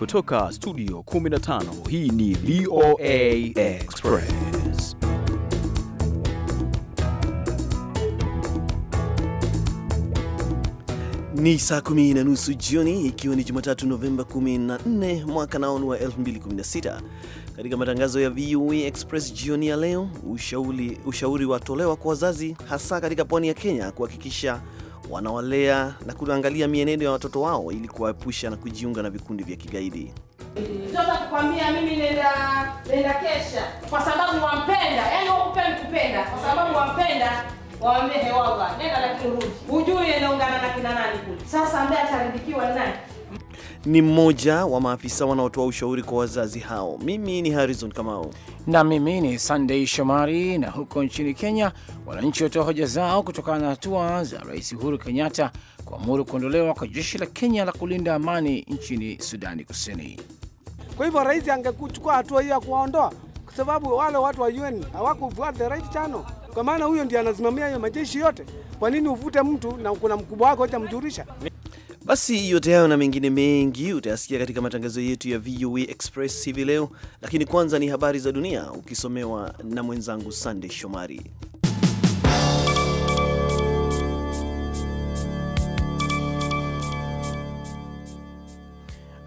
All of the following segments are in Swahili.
Kutoka studio 15 hii ni VOA Express. Ni saa kumi na nusu jioni ikiwa ni Jumatatu Novemba 14 mwaka naonu wa 2016. Katika matangazo ya VOA Express jioni ya leo, ushauri, ushauri watolewa kwa wazazi hasa katika pwani ya Kenya kuhakikisha wanawalea na kuangalia mienendo ya watoto wao ili kuwaepusha na kujiunga na vikundi vya kigaidi. Mtoto kukwambia mimi nenda nenda kesha kwa sababu wampenda, yani wakupendi kupenda kwa sababu wampenda, waambie hewawa nenda, lakini rudi, hujui anaungana na kina nani kule. Sasa ambaye ataridikiwa nani? ni mmoja wa maafisa wanaotoa ushauri kwa wazazi hao. Mimi ni Harrison Kamau na mimi ni Sunday Shomari. Na huko nchini Kenya, wananchi watoa hoja zao kutokana na hatua za Rais Uhuru Kenyatta kuamuru kuondolewa kwa jeshi la Kenya la kulinda amani nchini Sudani Kusini. Kwa hivyo rais angekuchukua hatua hiyo ya kuwaondoa, kwa sababu wale watu wa UN hawakufuata the right channel, kwa maana huyo ndiye anasimamia hiyo majeshi yote. Kwa nini uvute mtu na kuna mkubwa wako hata mjurisha? Basi yote hayo na mengine mengi utayasikia katika matangazo yetu ya VOA Express hivi leo, lakini kwanza ni habari za dunia ukisomewa na mwenzangu Sandey Shomari.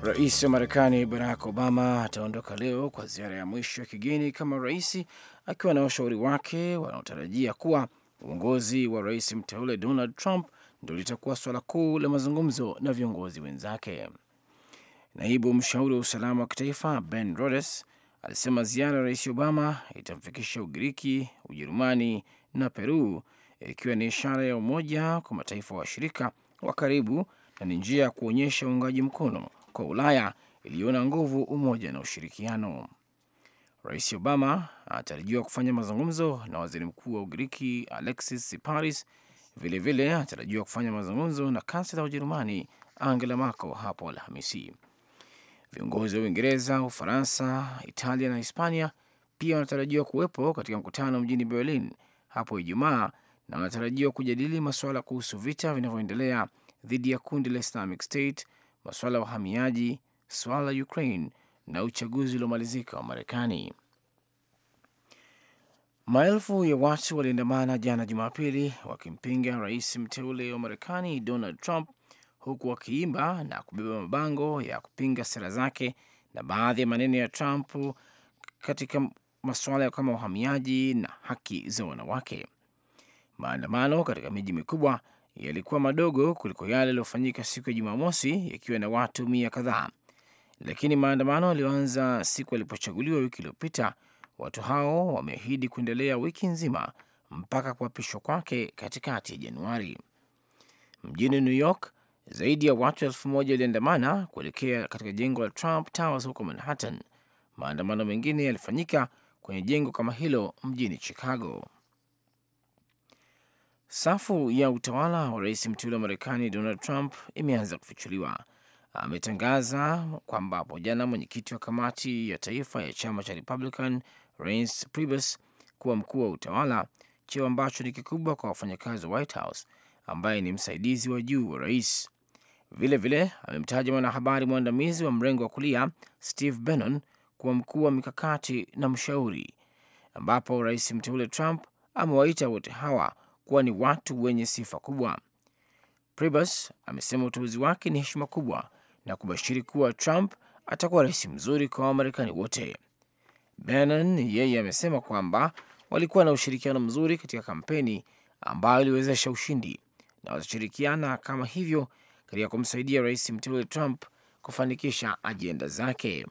Rais wa Marekani Barack Obama ataondoka leo kwa ziara ya mwisho ya kigeni kama rais, akiwa na washauri wake wanaotarajia kuwa uongozi wa rais mteule Donald Trump ndio litakuwa swala kuu la mazungumzo na viongozi wenzake. Naibu mshauri wa usalama wa kitaifa Ben Rhodes alisema ziara ya Rais Obama itamfikisha Ugiriki, Ujerumani na Peru, ikiwa ni ishara ya umoja kwa mataifa washirika wa karibu na ni njia ya kuonyesha uungaji mkono kwa Ulaya iliyoona nguvu umoja na ushirikiano. Rais Obama anatarajiwa kufanya mazungumzo na waziri mkuu wa Ugiriki Alexis Siparis Vilevile anatarajiwa kufanya mazungumzo na kansela wa Ujerumani Angela Merkel hapo Alhamisi. Viongozi wa Uingereza, Ufaransa, Italia na Hispania pia wanatarajiwa kuwepo katika mkutano mjini Berlin hapo Ijumaa na wanatarajiwa kujadili masuala kuhusu vita vinavyoendelea dhidi ya kundi la Islamic State, masuala ya uhamiaji, swala la Ukraine na uchaguzi uliomalizika wa Marekani. Maelfu ya watu waliandamana jana Jumapili wakimpinga rais mteule wa Marekani Donald Trump, huku wakiimba na kubeba mabango ya kupinga sera zake na baadhi ya maneno ya Trump katika masuala kama uhamiaji na haki za wanawake. Maandamano katika miji mikubwa yalikuwa madogo kuliko yale yaliyofanyika siku ya Jumamosi, yakiwa na watu mia kadhaa, lakini maandamano yaliyoanza siku alipochaguliwa wiki iliyopita Watu hao wameahidi kuendelea wiki nzima mpaka kuapishwa kwake katikati ya Januari. Mjini New York, zaidi ya watu elfu moja waliandamana kuelekea katika jengo la Trump Towers huko Manhattan. Maandamano mengine yalifanyika kwenye jengo kama hilo mjini Chicago. Safu ya utawala wa rais mteule wa Marekani Donald Trump imeanza kufichuliwa. Ametangaza kwamba hapo jana mwenyekiti wa kamati ya taifa ya chama cha Republican Rais Priebus kuwa mkuu wa utawala, cheo ambacho ni kikubwa kwa wafanyakazi wa White House ambaye ni msaidizi wa juu wa rais. vile vile amemtaja mwanahabari mwandamizi wa mrengo wa kulia Steve Bannon kuwa mkuu wa mikakati na mshauri, ambapo rais mteule Trump amewaita wote hawa kuwa ni watu wenye sifa kubwa. Priebus amesema uteuzi wake ni heshima kubwa na kubashiri kuwa Trump atakuwa rais mzuri kwa Wamarekani wote. Bannon yeye amesema kwamba walikuwa na ushirikiano mzuri katika kampeni ambayo iliwezesha ushindi na watashirikiana kama hivyo katika kumsaidia rais mteule Trump kufanikisha ajenda zake.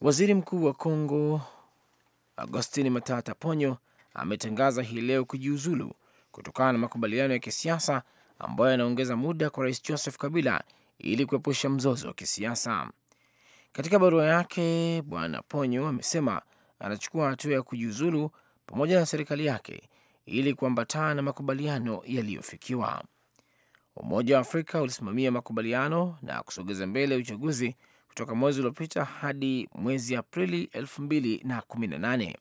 Waziri mkuu wa Kongo Agostini Matata Ponyo ametangaza hii leo kujiuzulu kutokana na makubaliano ya kisiasa ambayo yanaongeza muda kwa rais Joseph Kabila ili kuepusha mzozo wa kisiasa. Katika barua yake, Bwana Ponyo amesema anachukua hatua ya kujiuzulu pamoja na serikali yake ili kuambatana na makubaliano yaliyofikiwa. Umoja wa Afrika ulisimamia makubaliano na kusogeza mbele uchaguzi kutoka mwezi uliopita hadi mwezi Aprili 2018.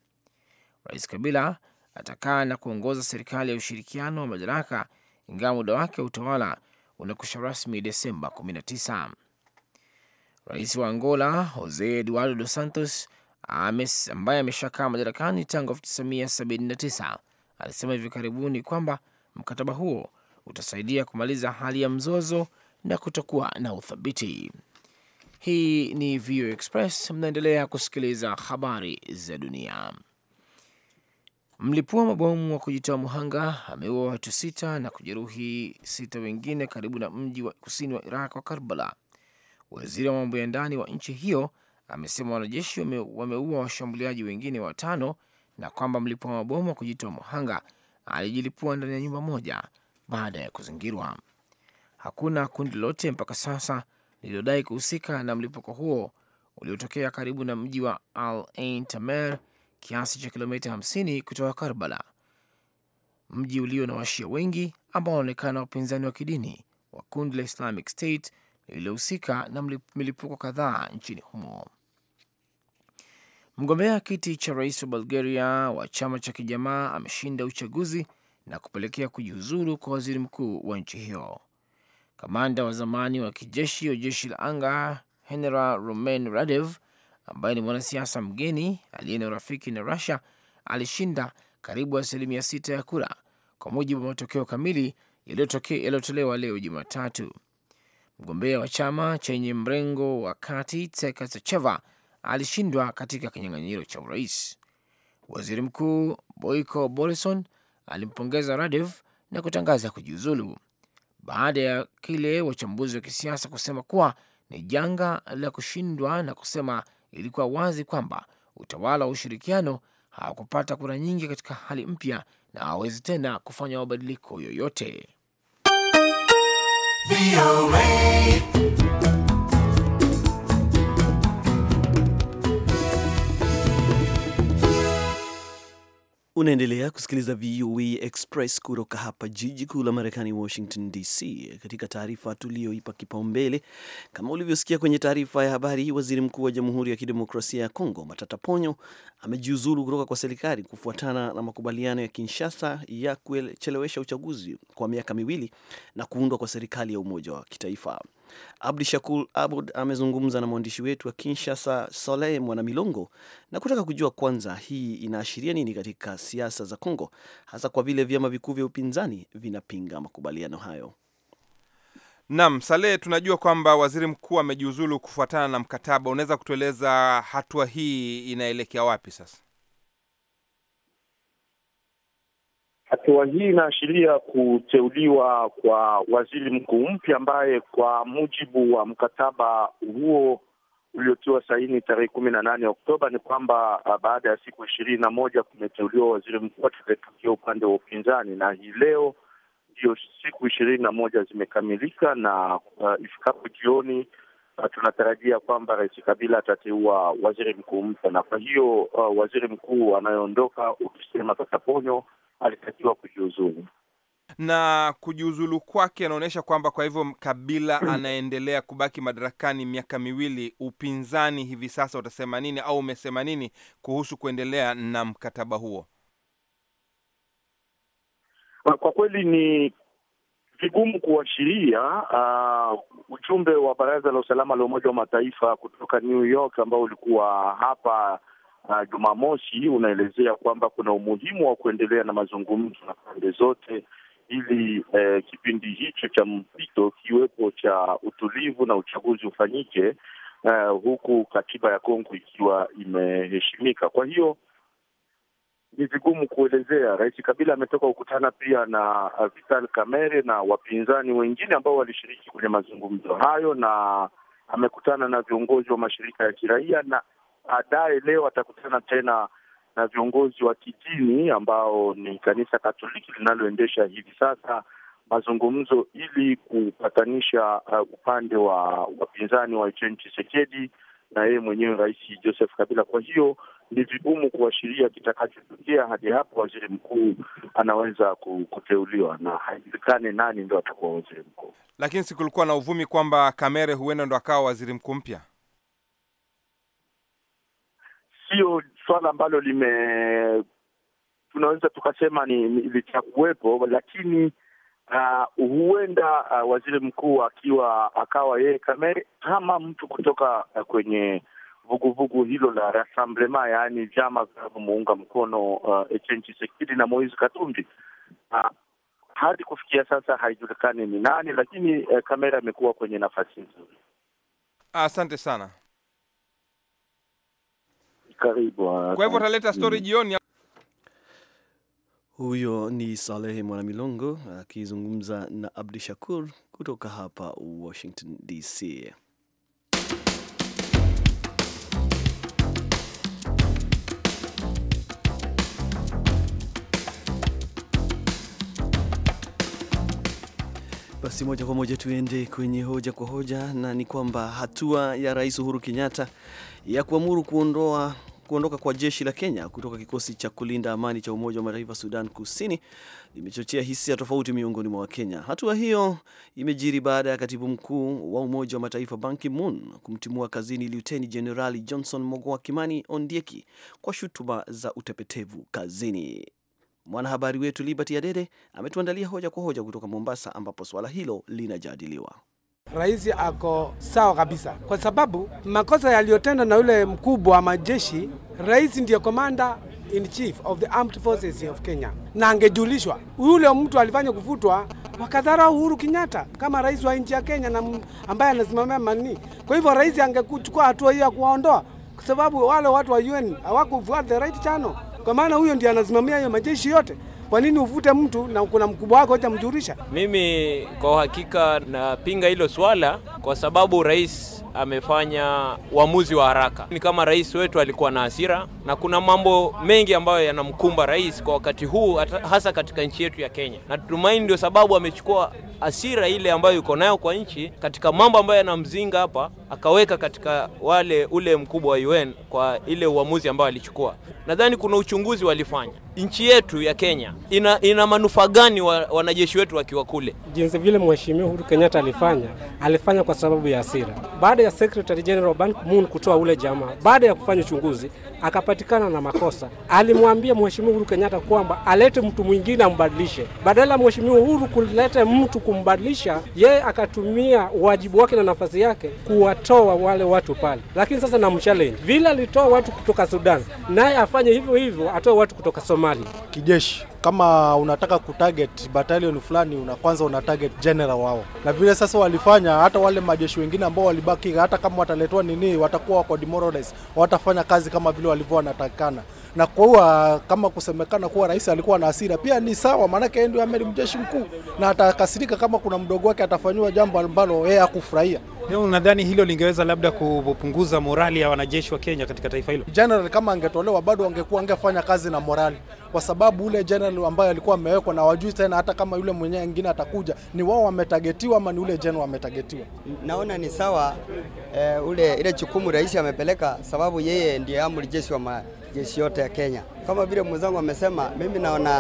Rais Kabila atakaa na kuongoza serikali ya ushirikiano wa madaraka, ingawa muda wake wa utawala unakwisha rasmi Desemba Rais wa Angola Jose Eduardo Dos Santos ames, ambaye ameshakaa madarakani tangu 1979 alisema hivi karibuni kwamba mkataba huo utasaidia kumaliza hali ya mzozo na kutokuwa na uthabiti. Hii ni VOA Express, mnaendelea kusikiliza habari za dunia. Mlipua mabomu wa kujitoa muhanga ameua watu sita na kujeruhi sita wengine karibu na mji wa kusini wa Iraq wa Karbala Waziri wa mambo ya ndani wa nchi hiyo amesema wanajeshi wameua washambuliaji wengine watano na kwamba mlipua mabomu wa kujitoa muhanga alijilipua ndani ya nyumba moja baada ya kuzingirwa. Hakuna kundi lolote mpaka sasa lililodai kuhusika na mlipuko huo uliotokea karibu na mji wa Al Ain Tamer, kiasi cha kilomita 50 kutoka Karbala, mji ulio na washia wengi ambao wanaonekana wapinzani wa kidini wa kundi la Islamic State lililohusika na milipuko kadhaa nchini humo. Mgombea kiti cha rais wa Bulgaria wa chama cha kijamaa ameshinda uchaguzi na kupelekea kujiuzuru kwa waziri mkuu wa nchi hiyo. Kamanda wa zamani wa kijeshi wa jeshi la anga General Roman Radev, ambaye ni mwanasiasa mgeni aliye na urafiki na Rusia, alishinda karibu asilimia sita ya kura, kwa mujibu wa matokeo kamili yaliyotolewa leo Jumatatu mgombea wa chama chenye mrengo wa kati Tsekatsecheva alishindwa katika kinyang'anyiro cha urais. Waziri Mkuu Boiko Borison alimpongeza Radev na kutangaza kujiuzulu baada ya kile wachambuzi wa kisiasa kusema kuwa ni janga la kushindwa na kusema ilikuwa wazi kwamba utawala wa ushirikiano hawakupata kura nyingi katika hali mpya na hawawezi tena kufanya mabadiliko yoyote. VOA. Unaendelea kusikiliza VOA Express kutoka hapa jiji kuu la Marekani, Washington DC. Katika taarifa tuliyoipa kipaumbele, kama ulivyosikia kwenye taarifa ya habari, waziri mkuu wa Jamhuri ya Kidemokrasia ya Kongo Matata Ponyo amejiuzulu kutoka kwa serikali kufuatana na makubaliano ya Kinshasa ya kuchelewesha uchaguzi kwa miaka miwili na kuundwa kwa serikali ya umoja wa kitaifa. Abdi Shakur Abud amezungumza na mwandishi wetu wa Kinshasa, Soleh Mwanamilongo, na kutaka kujua kwanza hii inaashiria nini katika siasa za Kongo, hasa kwa vile vyama vikuu vya upinzani vinapinga makubaliano hayo. Naam, Saleh, tunajua kwamba waziri mkuu amejiuzulu kufuatana na mkataba. Unaweza kutueleza hatua hii inaelekea wapi sasa? Hatua hii inaashiria kuteuliwa kwa waziri mkuu mpya ambaye kwa mujibu wa mkataba huo uliotiwa saini tarehe kumi na nane Oktoba ni kwamba uh, baada ya siku ishirini na moja kumeteuliwa waziri mkuu atakayetokea upande wa upinzani, na hii leo ndio siku ishirini na moja zimekamilika, na uh, ifikapo jioni uh, tunatarajia kwamba Rais Kabila atateua waziri mkuu mpya, na kwa hiyo uh, waziri mkuu anayeondoka ukisema ponyo alitakiwa kujiuzulu na kujiuzulu kwake anaonyesha kwamba kwa hivyo Kabila anaendelea kubaki madarakani miaka miwili. Upinzani hivi sasa utasema nini au umesema nini kuhusu kuendelea na mkataba huo? Ah, kwa kweli ni vigumu kuashiria. Uh, ujumbe wa Baraza la Usalama la Umoja wa Mataifa kutoka New York ambao ulikuwa hapa uh, Jumamosi unaelezea kwamba kuna umuhimu wa kuendelea na mazungumzo na pande zote ili eh, kipindi hicho cha mpito kiwepo cha utulivu na uchaguzi ufanyike, eh, huku katiba ya Kongo ikiwa imeheshimika. Kwa hiyo ni vigumu kuelezea. Rais Kabila ametoka kukutana pia na Vital Kamerhe na wapinzani wengine ambao walishiriki kwenye mazungumzo hayo, na amekutana na viongozi wa mashirika ya kiraia na baadaye leo atakutana tena na viongozi wa kidini ambao ni kanisa Katoliki linaloendesha hivi sasa mazungumzo ili kupatanisha uh, upande wa wapinzani wa Etienne Tshisekedi na yeye mwenyewe Rais Joseph Kabila. Kwa hiyo ni vigumu kuashiria kitakachotokea hadi hapo waziri mkuu anaweza kuteuliwa, na haijulikane nani ndo atakuwa waziri mkuu. Lakini sikulikuwa na uvumi kwamba Kamere huenda ndo akawa waziri mkuu mpya sio swala ambalo lime tunaweza tukasema ni litakuwepo, lakini uh, huenda uh, waziri mkuu akiwa akawa yeye Kamere kama mtu kutoka uh, kwenye vuguvugu hilo la Rassemblement, yaani vyama vinavyomuunga mkono uh, Etienne Tshisekedi na Moise Katumbi uh, hadi kufikia sasa haijulikani ni nani, lakini uh, kamera amekuwa kwenye nafasi nzuri. Asante sana karibu. Ah, kwa hivyo utaleta stori mm. jioni. Huyo ni Salehe Mwanamilongo akizungumza na Abdi Shakur kutoka hapa Washington DC. Basi moja kwa moja tuende kwenye hoja kwa hoja, na ni kwamba hatua ya Rais Uhuru Kenyatta ya kuamuru kuondoa kuondoka kwa jeshi la Kenya kutoka kikosi cha kulinda amani cha Umoja wa Mataifa Sudan Kusini limechochea hisia tofauti miongoni mwa Wakenya. Hatua hiyo imejiri baada ya katibu mkuu wa Umoja wa Mataifa Ban Ki-moon kumtimua kazini Luteni Jenerali Johnson Mogoa Kimani Ondieki kwa shutuma za utepetevu kazini. Mwanahabari wetu Liberty Adede ametuandalia hoja kwa hoja kutoka Mombasa, ambapo swala hilo linajadiliwa rais ako sawa kabisa, kwa sababu makosa yaliyotendwa na yule mkubwa wa majeshi, rais ndiye komanda in chief of the armed forces of Kenya, na angejulishwa yule mtu alifanya kufutwa wakadhara Uhuru Kenyatta kama rais wa nchi ya Kenya na ambaye anasimamia mani. Kwa hivyo rais angekuchukua hatua hiyo ya kuwaondoa, kwa sababu wale watu wa UN hawakufuata the right channel, kwa maana huyo ndiye anasimamia hiyo majeshi yote. Kwa nini uvute mtu na kuna mkubwa wako mjurisha? Mimi kwa uhakika napinga hilo swala kwa sababu rais amefanya uamuzi wa haraka. Ni kama rais wetu alikuwa na hasira, na kuna mambo mengi ambayo yanamkumba rais kwa wakati huu, hasa katika nchi yetu ya Kenya, na tumaini ndio sababu amechukua hasira ile ambayo yuko nayo kwa nchi katika mambo ambayo yanamzinga hapa, akaweka katika wale ule mkubwa wa UN kwa ile uamuzi ambayo alichukua. Nadhani kuna uchunguzi walifanya nchi yetu ya Kenya ina, ina manufaa gani wa, wanajeshi wetu wakiwa kule, jinsi vile mheshimiwa Uhuru Kenyatta alifanya alifanya kwa sababu ya hasira. Baada ya Secretary General Ban Ki-moon kutoa ule jamaa, baada ya kufanya uchunguzi akapatikana na makosa, alimwambia Mheshimiwa Uhuru Kenyatta kwamba alete mtu mwingine ambadilishe. Badala Mheshimiwa Uhuru kuleta mtu kumbadilisha, yeye akatumia wajibu wake na nafasi yake kuwatoa wale watu pale. Lakini sasa na mchallenge, vile alitoa watu kutoka Sudan, naye afanye hivyo hivyo, atoe watu kutoka Somalia kijeshi kama unataka kutarget battalion fulani, una kwanza una target general wao, na vile sasa walifanya, hata wale majeshi wengine ambao walibaki, hata kama wataletwa nini, watakuwa wako demoralized, watafanya kazi kama vile walivyo wanatakikana na kwa huwa kama kusemekana kuwa rais alikuwa na hasira pia ni sawa, maanake yeye ndio amiri mjeshi mkuu na atakasirika kama kuna mdogo wake atafanyiwa jambo ambalo yeye hakufurahia. Unadhani hilo lingeweza labda kupunguza morali ya wanajeshi wa Kenya katika taifa hilo? General kama angetolewa bado angekuwa angefanya kazi na morali, kwa sababu ule general ambaye alikuwa amewekwa na wajui tena, hata kama yule mwenye mwingine atakuja, ni wao wametagetiwa ama ni ule general ametagetiwa? Naona ni sawa eh, ule ile chukumu rais amepeleka, sababu yeye ndiye amri jeshi wa ma jeshi yote ya Kenya. Kama vile mwenzangu amesema, mimi naona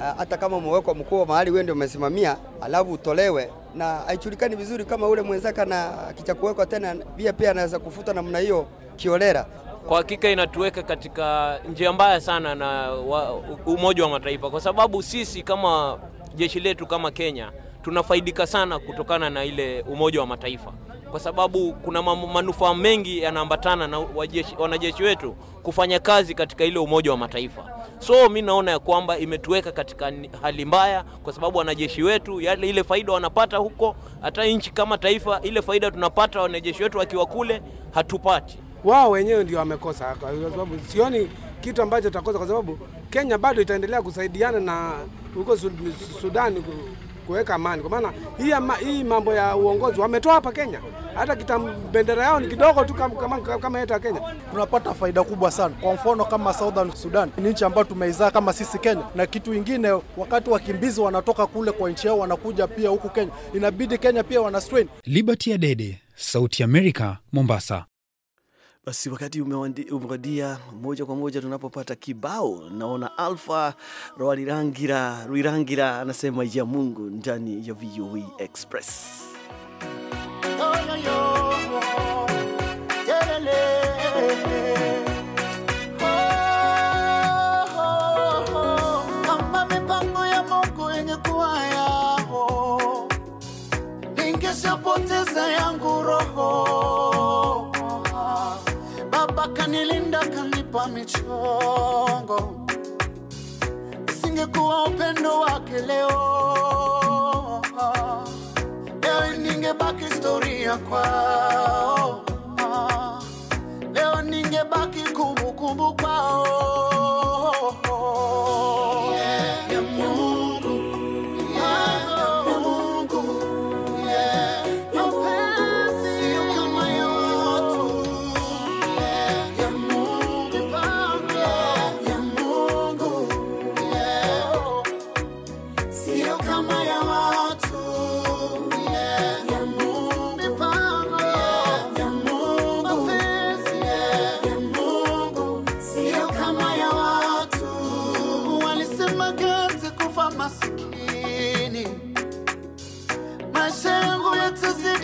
eh, hata kama umewekwa mkuu wa mahali wewe ndio umesimamia, alafu utolewe na haichulikani vizuri kama ule mwenzaka na kuwekwa tena pia pia anaweza kufuta namna hiyo kiolera. Kwa hakika inatuweka katika njia mbaya sana na wa, Umoja wa Mataifa kwa sababu sisi kama jeshi letu kama Kenya tunafaidika sana kutokana na ile Umoja wa Mataifa kwa sababu kuna manufaa mengi yanaambatana na wanajeshi wetu kufanya kazi katika ile Umoja wa Mataifa. So mi naona ya kwamba imetuweka katika hali mbaya, kwa sababu wanajeshi wetu yale ile faida wanapata huko, hata nchi kama taifa ile faida tunapata wanajeshi wetu wakiwa kule hatupati. Wao wenyewe ndio wamekosa, kwa sababu sioni kitu ambacho tutakosa, kwa sababu Kenya bado itaendelea kusaidiana na huko Sudani kuweka amani, kwa maana hii, ama, hii mambo ya uongozi wametoa hapa Kenya, hata bendera yao ni kidogo tu kama, kama yetu ya Kenya. Tunapata faida kubwa sana. Kwa mfano kama Southern Sudan ni nchi ambayo tumeizaa kama sisi Kenya, na kitu ingine, wakati wakimbizi wanatoka kule kwa nchi yao wanakuja pia huku Kenya, inabidi Kenya pia wana strain. Liberty Adede, Sauti ya Amerika, Mombasa. Basi wakati umewadia moja kwa moja tunapopata kibao. Naona Alfa Rwalirangira Rwirangira anasema ya Mungu ndani ya VOA e Express. Oh, yangu roho Baba kanilinda, kanipa michongo, singekuwa upendo wake leo, leo ningebaki historia kwao, leo ningebaki kumbukumbu kwao.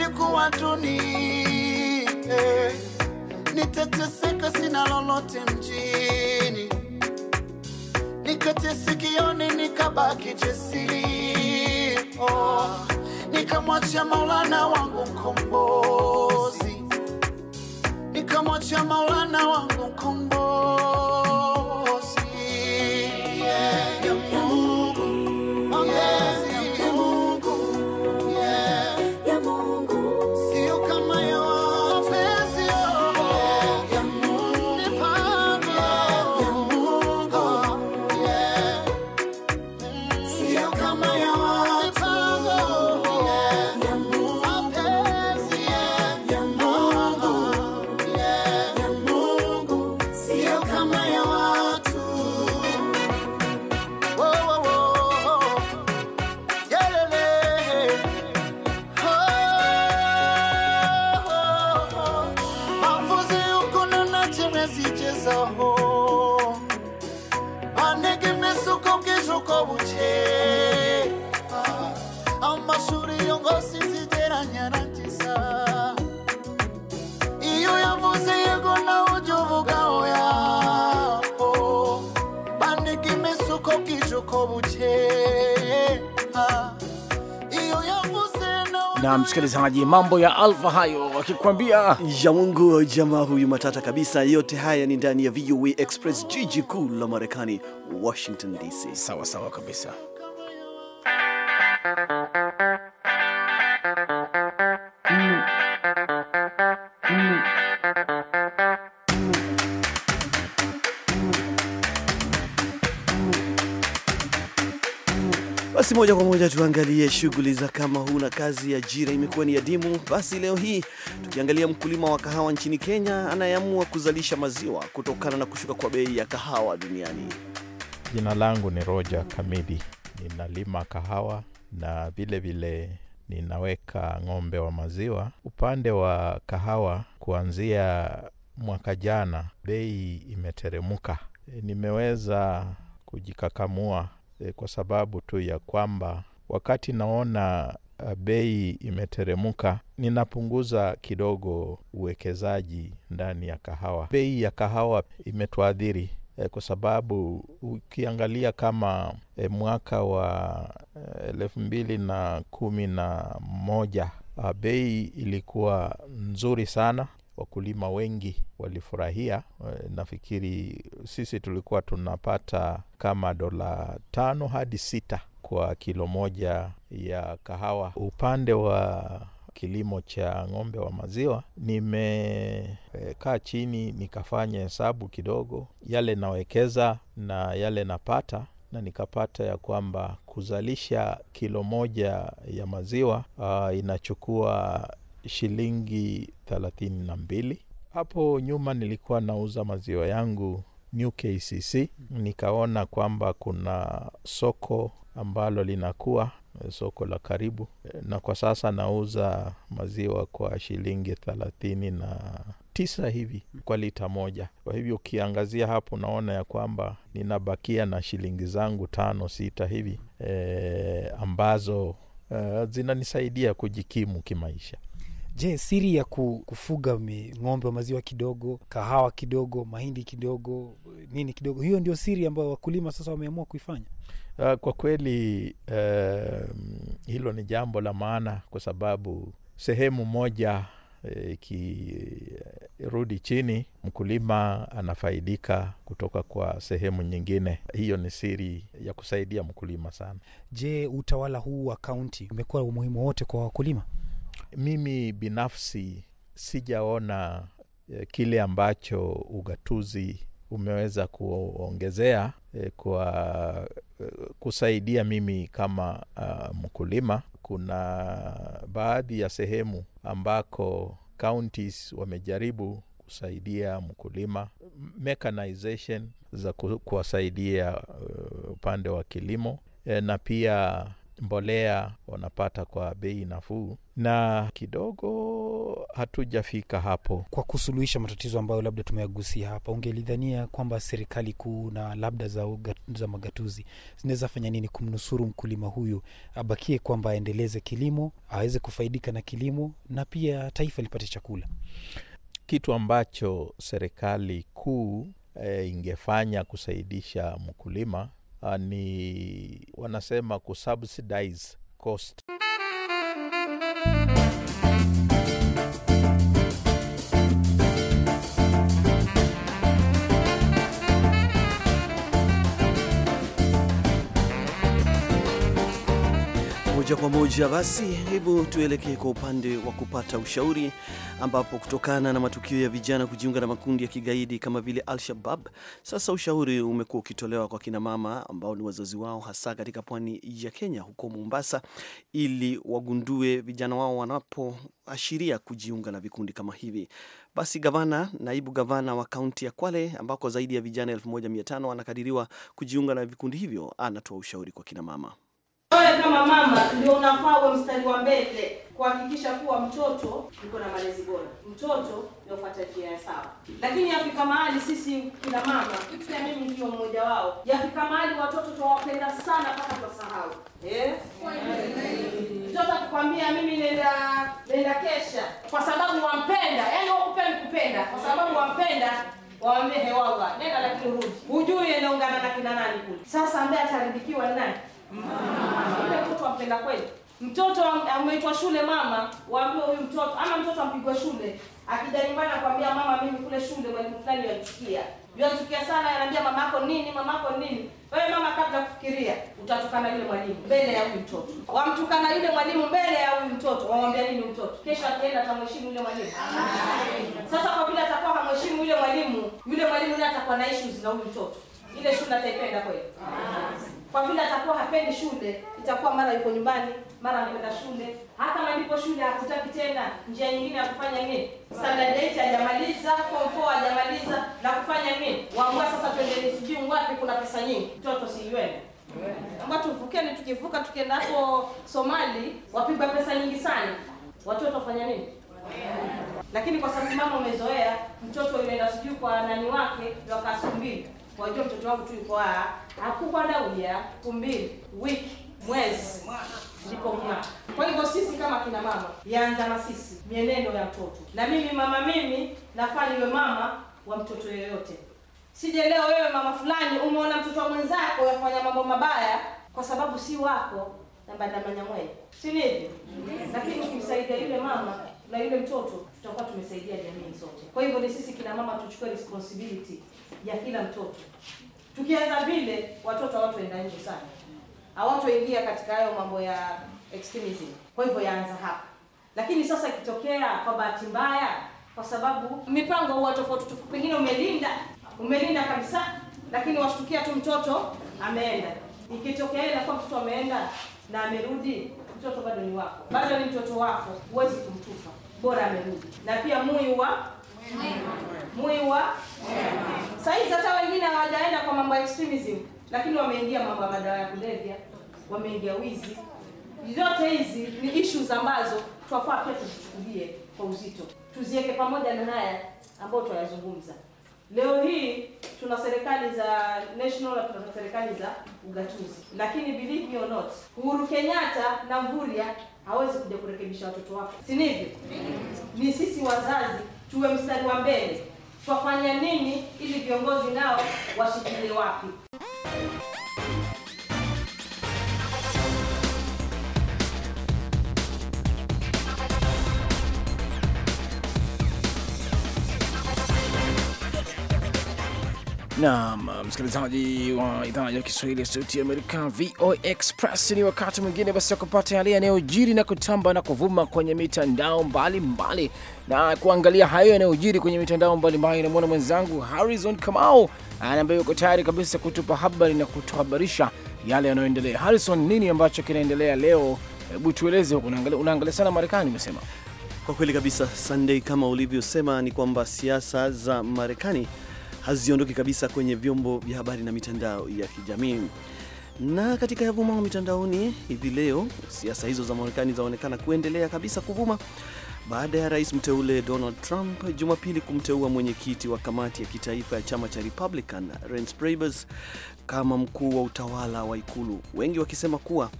nilikuwa tuni eh, sina lolote mjini, nikate sikioni, nikabaki jesiri oh, nikamwacha Maulana wangu mkombozi, nikamwacha Maulana wangu mkombozi msikilizaji, mambo ya Alfa hayo akikwambia ya Mungu, jamaa huyu matata kabisa. Yote haya ni ndani ya VOA Express, jiji kuu la Marekani, Washington DC. Sawa sawa kabisa. Basi moja kwa moja tuangalie shughuli za kama huna kazi, ajira imekuwa ni adimu. Basi leo hii tukiangalia mkulima wa kahawa nchini Kenya anayeamua kuzalisha maziwa kutokana na kushuka kwa bei ya kahawa duniani. Jina langu ni Roger Kamidi, ninalima kahawa na vilevile ninaweka ng'ombe wa maziwa. Upande wa kahawa, kuanzia mwaka jana bei imeteremka. Nimeweza kujikakamua e, kwa sababu tu ya kwamba wakati naona eh, bei imeteremuka, ninapunguza kidogo uwekezaji ndani ya kahawa. Bei ya kahawa imetuadhiri e, kwa sababu ukiangalia kama e, mwaka wa elfu mbili na kumi na moja ah, bei ilikuwa nzuri sana wakulima wengi walifurahia. Eh, nafikiri sisi tulikuwa tunapata kama dola tano hadi sita kwa kilo moja ya kahawa. Upande wa kilimo cha ng'ombe wa maziwa nimekaa e, chini nikafanya hesabu kidogo, yale nawekeza na yale napata, na nikapata ya kwamba kuzalisha kilo moja ya maziwa uh, inachukua shilingi thelathini na mbili. Hapo nyuma nilikuwa nauza maziwa yangu New KCC, mm-hmm. nikaona kwamba kuna soko ambalo linakuwa soko la karibu, na kwa sasa nauza maziwa kwa shilingi thelathini na tisa hivi kwa lita moja. Kwa hivyo ukiangazia hapo, unaona ya kwamba ninabakia na shilingi zangu tano sita hivi e, ambazo e, zinanisaidia kujikimu kimaisha. Je, siri ya kufuga ng'ombe wa maziwa kidogo, kahawa kidogo, mahindi kidogo, nini kidogo, hiyo ndio siri ambayo wakulima sasa wameamua kuifanya? Uh, kwa kweli uh, hilo ni jambo la maana kwa sababu sehemu moja eh, ikirudi chini mkulima anafaidika kutoka kwa sehemu nyingine. Hiyo ni siri ya kusaidia mkulima sana. Je, utawala huu wa kaunti umekuwa umuhimu wote kwa wakulima? Mimi binafsi sijaona eh, kile ambacho ugatuzi umeweza kuongezea eh, kwa eh, kusaidia mimi kama uh, mkulima. Kuna baadhi ya sehemu ambako counties wamejaribu kusaidia mkulima mechanization za kuwasaidia upande uh, wa kilimo e, na pia mbolea wanapata kwa bei nafuu, na kidogo hatujafika hapo kwa kusuluhisha matatizo ambayo labda tumeagusia hapa. Ungelidhania kwamba serikali kuu na labda za, za magatuzi zinaweza fanya nini kumnusuru mkulima huyu, abakie kwamba aendeleze kilimo, aweze kufaidika na kilimo na pia taifa lipate chakula, kitu ambacho serikali kuu e, ingefanya kusaidisha mkulima uh, ni wanasema kusubsidize cost moja kwa moja basi, hebu tuelekee kwa upande wa kupata ushauri, ambapo kutokana na matukio ya vijana kujiunga na makundi ya kigaidi kama vile Al-Shabab, sasa ushauri umekuwa ukitolewa kwa kinamama ambao ni wazazi wao, hasa katika pwani ya Kenya huko Mombasa, ili wagundue vijana wao wanapoashiria kujiunga na vikundi kama hivi. Basi gavana, naibu gavana wa kaunti ya Kwale ambako zaidi ya vijana 1500 wanakadiriwa kujiunga na vikundi hivyo, anatoa ushauri kwa kinamama. Wewe kama mama ndio unafaa uwe mstari wa mbele kuhakikisha kuwa mtoto yuko na malezi bora, mtoto nafuata njia ya sawa. Lakini yafika mahali sisi kina mama, pia mimi ndio mmoja wao, yafika mahali watoto tunawapenda sana mpaka twasahau. Yes. Eh? Mtoto akikwambia mimi nenda nenda kesha, kwa sababu wampenda, yaani wakupenda kupenda, kwa sababu wampenda wawamehe wawa nenda, lakini rudi, hujui anaungana na kina nani kule. Sasa ambaye ataridhikiwa ni nani? Yule mtoto ampenda kweli, mtoto ameitwa eh, shule, mama waambie huyu mtoto ama mtoto ampigwe shule. Akija nyumbani akwambia mama, mimi kule shule mwalimu fulani yachukia, yachukia sana, mama yako nini, mama yako nini. Wewe mama, kabla kufikiria, utatukana yule mwalimu mbele ya huyu mtoto, wamtukana yule mwalimu mbele ya huyu mtoto, wamwambia nini mtoto? Kesho akienda atamheshimu yule mwalimu. Sasa kwa vile atakuwa hamheshimu yule mwalimu, yule mwalimu naye atakuwa na issues na huyu mtoto, ile shule ataipenda kweli? Kwa vile atakuwa hapendi shule, itakuwa mara yuko nyumbani, mara anakwenda shule. Hata kama ndipo shule hakutaki tena njia nyingine ya kufanya nini? Standard 8 hajamaliza, form 4 hajamaliza na kufanya nini? Waamua sasa twende sijui wapi kuna pesa nyingi. Mtoto si yeye. Amba tuvukeni, tukivuka tukienda hapo Somali wapigwa pesa nyingi sana. Watoto wafanya nini? Lakini kwa sababu mama umezoea mtoto yuenda sijui kwa nani wake ndio wakasumbili wajua mtoto wangu tu yuko hakuwa dauja kumbili wiki mwezi ndipo mwaka. Kwa hivyo sisi kama kina mama, yaanza na sisi mienendo ya mtoto. Na mimi mama, mimi nafaa niwe mama wa mtoto yeyote. Sije leo wewe mama fulani umeona mtoto wa mwenzako yafanya mambo mabaya kwa sababu si wako na bandamanya mwenye, si ni Lakini ukimsaidia yule mama na yule mtoto, tutakuwa tumesaidia jamii sote. Kwa hivyo ni sisi kina mama tuchukue responsibility ya kila mtoto. Tukianza vile, watoto hawataenda nje sana, hawataingia katika hayo mambo ya extremism. Kwa hivyo yaanza hapa, lakini sasa ikitokea kwa bahati mbaya, kwa sababu mipango huwa tofauti tofauti, pengine umelinda umelinda kabisa, lakini washtukia tu mtoto ameenda. Ikitokea ile kwa mtoto ameenda na amerudi, mtoto bado ni wako, bado ni mtoto wako, huwezi kumtupa, bora amerudi. Na pia muyi wa mwiwa saizi hata wengine hawajaenda kwa mambo ya extremism, lakini wameingia mambo ya madawa ya kulevya, wameingia wizi. Zote hizi ni issues ambazo twafaa pia tuzichukulie kwa uzito, tuziweke pamoja na haya ambayo twayazungumza leo hii. Tuna serikali za national na tuna serikali za ugatuzi, lakini believe me or not, Uhuru Kenyatta na mvuria hawezi kuja kurekebisha watoto wako, si Ni sisi wazazi tuwe mstari wa mbele, twafanya nini ili viongozi nao washikilie wapi? Naam, msikilizaji wa idhaa ya Kiswahili ya Sauti ya Amerika, VOA Express, ni wakati mwingine basi wa kupata yale yanayojiri na kutamba na kuvuma kwenye mitandao mbalimbali Na kuangalia hayo yanayojiri kwenye mitandao mbalimbali, namwona mwenzangu Harrison Kamau anaambaye yuko tayari kabisa kutupa habari na kutuhabarisha yale yanayoendelea. Harrison, nini ambacho kinaendelea leo? Hebu tueleze, unaangalia unaangalia sana Marekani umesema. Kwa kweli kabisa, Sunday, kama ulivyosema ni kwamba siasa za Marekani haziondoki kabisa kwenye vyombo vya habari na mitandao ya kijamii. Na katika yavumao mitandaoni hivi leo, siasa hizo za Marekani zaonekana kuendelea kabisa kuvuma baada ya rais mteule Donald Trump Jumapili kumteua mwenyekiti wa kamati ya kitaifa ya chama cha Republican Reince Priebus kama mkuu wa utawala wa Ikulu, wengi wakisema kuwa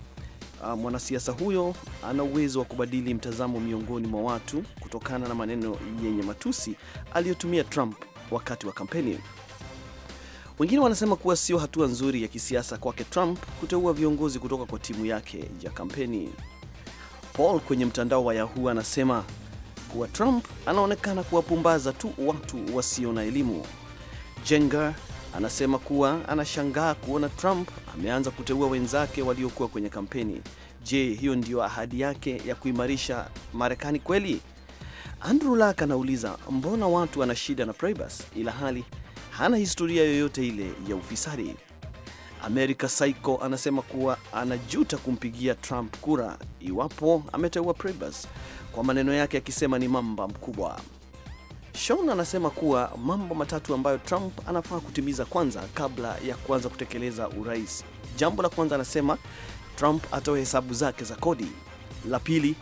ah, mwanasiasa huyo ana uwezo wa kubadili mtazamo miongoni mwa watu kutokana na maneno yenye matusi aliyotumia Trump wakati wa kampeni. Wengine wanasema kuwa sio hatua nzuri ya kisiasa kwake Trump kuteua viongozi kutoka kwa timu yake ya kampeni. Paul kwenye mtandao wa Yahoo anasema kuwa Trump anaonekana kuwapumbaza tu watu wasio na elimu. Jenga anasema kuwa anashangaa kuona Trump ameanza kuteua wenzake waliokuwa kwenye kampeni. Je, hiyo ndiyo ahadi yake ya kuimarisha Marekani kweli? Andrew Lak anauliza mbona watu ana shida na Priebus ila hali hana historia yoyote ile ya ufisadi. America Psycho anasema kuwa anajuta kumpigia Trump kura iwapo ameteua Priebus, kwa maneno yake akisema ni mamba mkubwa. Sean anasema kuwa mambo matatu ambayo Trump anafaa kutimiza kwanza kabla ya kuanza kutekeleza urais. Jambo la kwanza anasema Trump atoe hesabu zake za kodi. La pili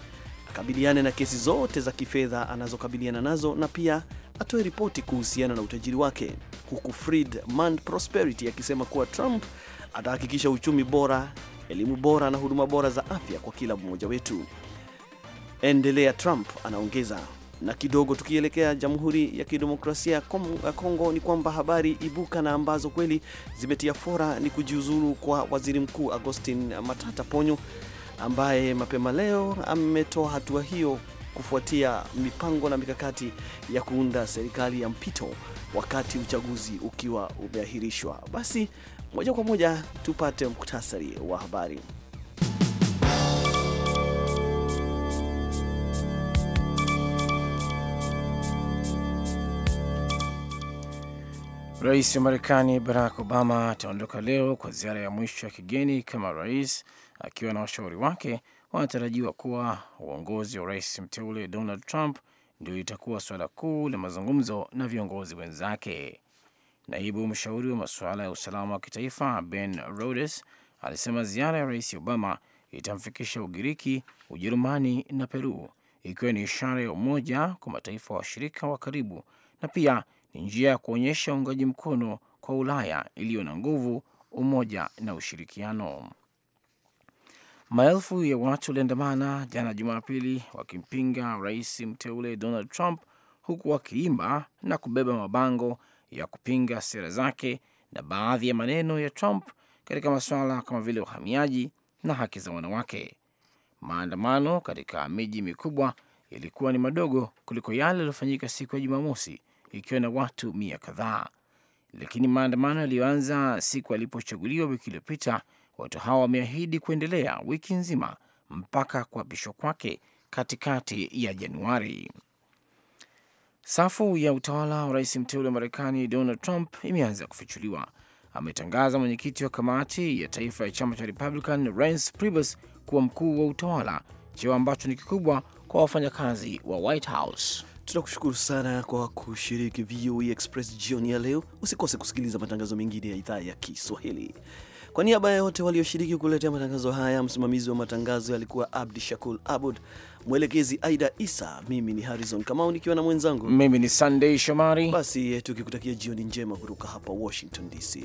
akabiliane na kesi zote za kifedha anazokabiliana nazo na pia atoe ripoti kuhusiana na utajiri wake, huku Friedman Prosperity akisema kuwa Trump atahakikisha uchumi bora, elimu bora na huduma bora za afya kwa kila mmoja wetu. Endelea Trump, anaongeza. Na kidogo tukielekea Jamhuri ya Kidemokrasia ya Kongo, ni kwamba habari ibuka na ambazo kweli zimetia fora ni kujiuzuru kwa waziri mkuu Augustin Matata Ponyo ambaye mapema leo ametoa hatua hiyo kufuatia mipango na mikakati ya kuunda serikali ya mpito wakati uchaguzi ukiwa umeahirishwa. Basi moja kwa moja tupate muktasari wa habari. Rais wa Marekani Barack Obama ataondoka leo kwa ziara ya mwisho ya kigeni kama rais akiwa na washauri wake wanatarajiwa kuwa uongozi wa rais mteule Donald Trump ndio itakuwa suala kuu la mazungumzo na viongozi wenzake. Naibu mshauri wa masuala ya usalama wa kitaifa Ben Rhodes alisema ziara ya rais Obama itamfikisha Ugiriki, Ujerumani na Peru, ikiwa ni ishara ya umoja kwa mataifa washirika wa karibu na pia ni njia ya kuonyesha uungaji mkono kwa Ulaya iliyo na nguvu, umoja na ushirikiano. Maelfu ya watu waliandamana jana Jumapili wakimpinga rais mteule Donald Trump, huku wakiimba na kubeba mabango ya kupinga sera zake na baadhi ya maneno ya Trump katika masuala kama vile uhamiaji na haki za wanawake. Maandamano katika miji mikubwa yalikuwa ni madogo kuliko yale yaliyofanyika siku ya Jumamosi, ikiwa na watu mia kadhaa, lakini maandamano yaliyoanza siku alipochaguliwa wiki iliyopita Watu hawa wameahidi kuendelea wiki nzima mpaka kuapishwa kwake katikati ya Januari. Safu ya utawala wa rais mteule wa Marekani Donald Trump imeanza kufichuliwa. Ametangaza mwenyekiti wa kamati ya taifa ya chama cha Republican Reince Priebus kuwa mkuu wa utawala, cheo ambacho ni kikubwa kwa wafanyakazi wa White House. Tunakushukuru sana kwa kushiriki VOA e Express jioni ya leo. Usikose kusikiliza matangazo mengine ya idhaa ya Kiswahili. Kwa niaba ya wote walioshiriki kuletea matangazo haya, msimamizi wa matangazo alikuwa Abdi Shakur Abud, mwelekezi Aida Isa, mimi ni Harrison Kamau nikiwa na mwenzangu mimi ni Sunday Shomari. Basi tukikutakia jioni njema kutoka hapa Washington DC.